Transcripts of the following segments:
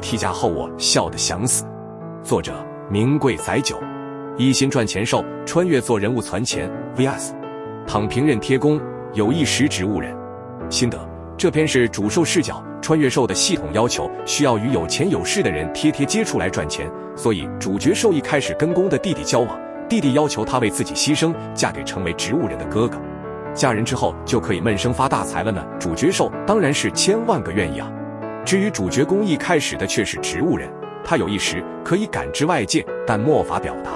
替嫁後我笑得想死。作者：明桂載酒。一心賺錢受穿越做任務攢錢 vs 躺平任貼攻有意識植物人。心得：這篇是主受視角穿越受的系統要求，需要與有錢有勢的人貼貼接觸來賺錢，所以主角受一開始跟攻的弟弟交往，弟弟要求他為自己犧牲，嫁給成為植物人的哥哥。嫁人之後就可以悶聲發大財了呢。主角受當然是千萬個願意啊。至於主角攻一開始的卻是植物人，他有意識，可以感知外界，但沒法表達。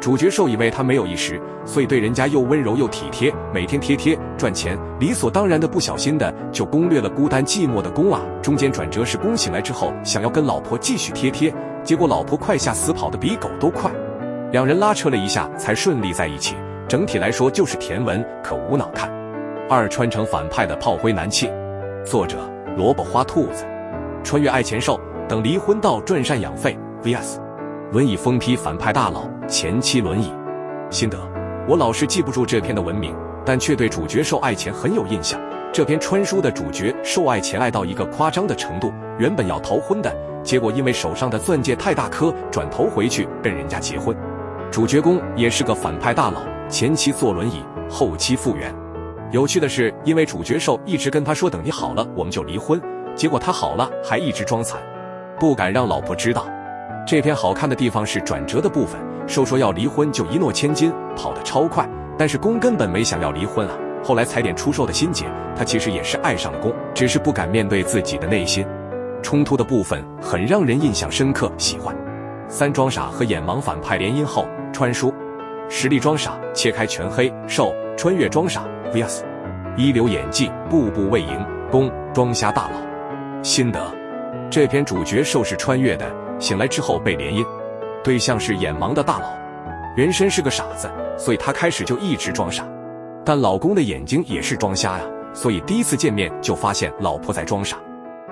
主角受以為他沒有意識，所以對人家又溫柔又體貼，每天貼貼賺錢，理所當然的不小心的就攻略了孤單寂寞的攻啊。中間轉折是攻醒來之後想要跟老婆繼續貼貼，結果老婆快嚇死，跑的比狗都快，兩人拉扯了一下才順利在一起。整體來說就是甜文，可無腦看。二、穿成反派的炮灰男妻，作者蘿蔔花兔子。穿越愛錢受，等離婚倒賺贍養費 vs 輪椅瘋批，反派大佬前期輪椅。心得，我老是記不住這篇的文名，但卻對主角受愛錢很有印象。這篇穿書的主角受愛錢愛到一個誇張的程度，原本要逃婚的，結果因為手上的鑽戒太大顆，轉頭回去跟人家結婚。主角公也是個反派大佬，前期坐輪椅，後期復原。有趣的是，因為主角受一直跟他說：“等你好了，我們就離婚。”結果他好了，還一直裝慘，不敢讓老婆知道。這篇好看的地方是轉折的部分，受說要離婚就一諾千金，跑得超快。但是攻根本沒想要離婚啊。後來踩點出受的心結，他其實也是愛上了攻，只是不敢面對自己的內心。衝突的部分很讓人印象深刻，喜歡。三裝傻和眼盲反派聯姻後，穿書，實力裝傻，切開全黑，受穿越裝傻，VS，、yes、一流演技，步步為營，攻裝瞎大佬。心得：這篇主角受是穿越的，醒來之後被聯姻，對象是眼盲的大佬，原身是個傻子，所以他開始就一直裝傻。但老公的眼睛也是裝瞎呀、啊，所以第一次見面就發現老婆在裝傻，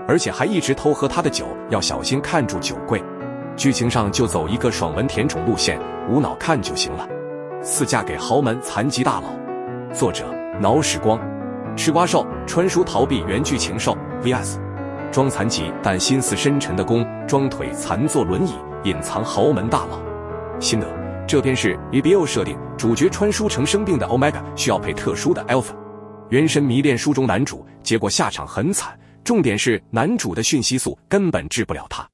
而且還一直偷喝他的酒，要小心看住酒櫃。劇情上就走一個爽文甜寵路線，無腦看就行了。四，嫁給豪門殘疾大佬，作者撓時光，吃瓜受，穿書逃避原劇情受 VS。裝殘疾但心思深沉的弓，裝腿殘坐輪椅隱藏豪門大佬。心得：這篇是 UBO、e、設定，主角穿書成生病的 Omega，需要配特殊的 Alpha。原神迷戀書中男主，結果下場很慘。重點是男主的訊息素根本治不了他。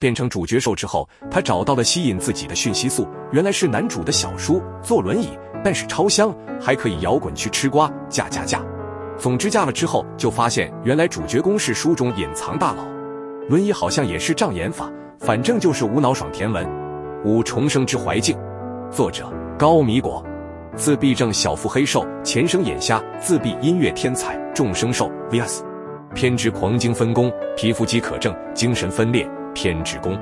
變成主角獸之後，他找到了吸引自己的訊息素，原來是男主的小叔坐輪椅，但是超香，還可以搖滾去吃瓜，加加加。總之，嫁了之後就發現，原來主角攻是書中隱藏大佬，輪椅好像也是障眼法，反正就是無腦爽甜文。五、重生之懷淨，作者糕米果，自閉症小腹黑受，前生眼瞎，自閉音樂天才重生受 VS Yes 偏執狂精分攻，皮膚飢渴症，精神分裂偏執攻。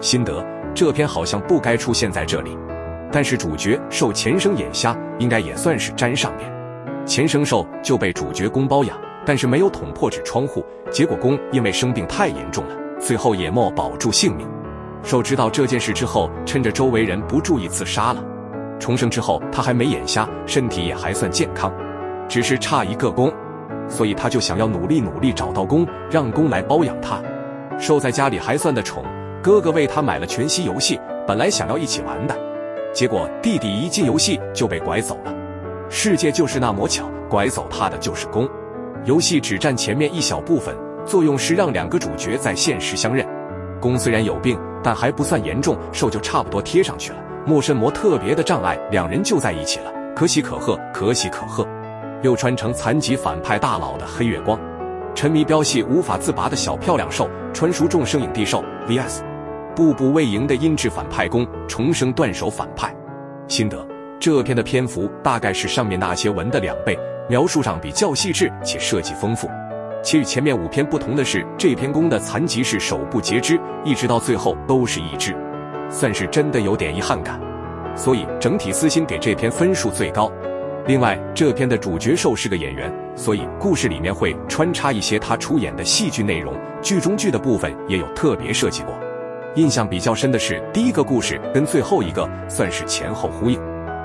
心得，這篇好像不該出現在這裡，但是主角受前生眼瞎應該也算是沾上邊。前生受就被主角攻包養，但是沒有捅破紙窗戶。結果攻因為生病太嚴重了，最後也沒保住性命。受知道這件事之後，趁着周圍人不注意自殺了。重生之後，他還沒眼瞎，身體也還算健康，只是差一個攻，所以他就想要努力努力找到攻，讓攻來包養他。受在家裡還算得寵，哥哥為他買了全息遊戲，本來想要一起玩的，結果弟弟一進遊戲就被拐走了。世界就是那麼巧，拐走他的就是攻。遊戲只占前面一小部分，作用是讓兩個主角在現實相認。攻雖然有病，但還不算嚴重，受就差不多貼上去了。沒什麼特別的障礙，兩人就在一起了。可喜可賀，可喜可賀。又穿成殘疾反派大佬的黑月光，沉迷飆戲無法自拔的小漂亮受，穿書重生影帝受 vs 步步為營的陰鷙反派攻，重生斷手反派。心得。這篇的篇幅大概是上面那些文的兩倍，描述上比較細致且設計豐富，且與前面五篇不同的是，這篇攻的殘疾是手部截肢，一直到最後都是義肢，算是真的有點遺憾感。所以整體私心給這篇分數最高。另外這篇的主角受是個演員，所以故事裡面會穿插一些他出演的戲劇內容，劇中劇的部分也有特別設計過。印象比較深的是第一個故事跟最後一個算是前後呼應。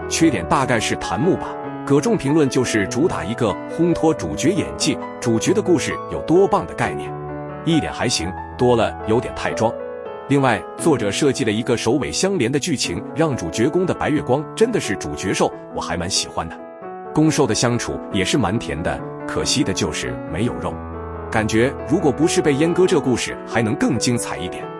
缺點大概是彈幕吧。各種評論就是主打一個烘托主角演技，主角的故事有多棒的概念，一點還行，多了有點太裝。另外，作者設計了一個首尾相連的劇情，讓主角攻的白月光真的是主角受，我還蠻喜歡的。攻受的相處也是蠻甜的，可惜的就是沒有肉，感覺如果不是被閹割，這故事還能更精彩一點。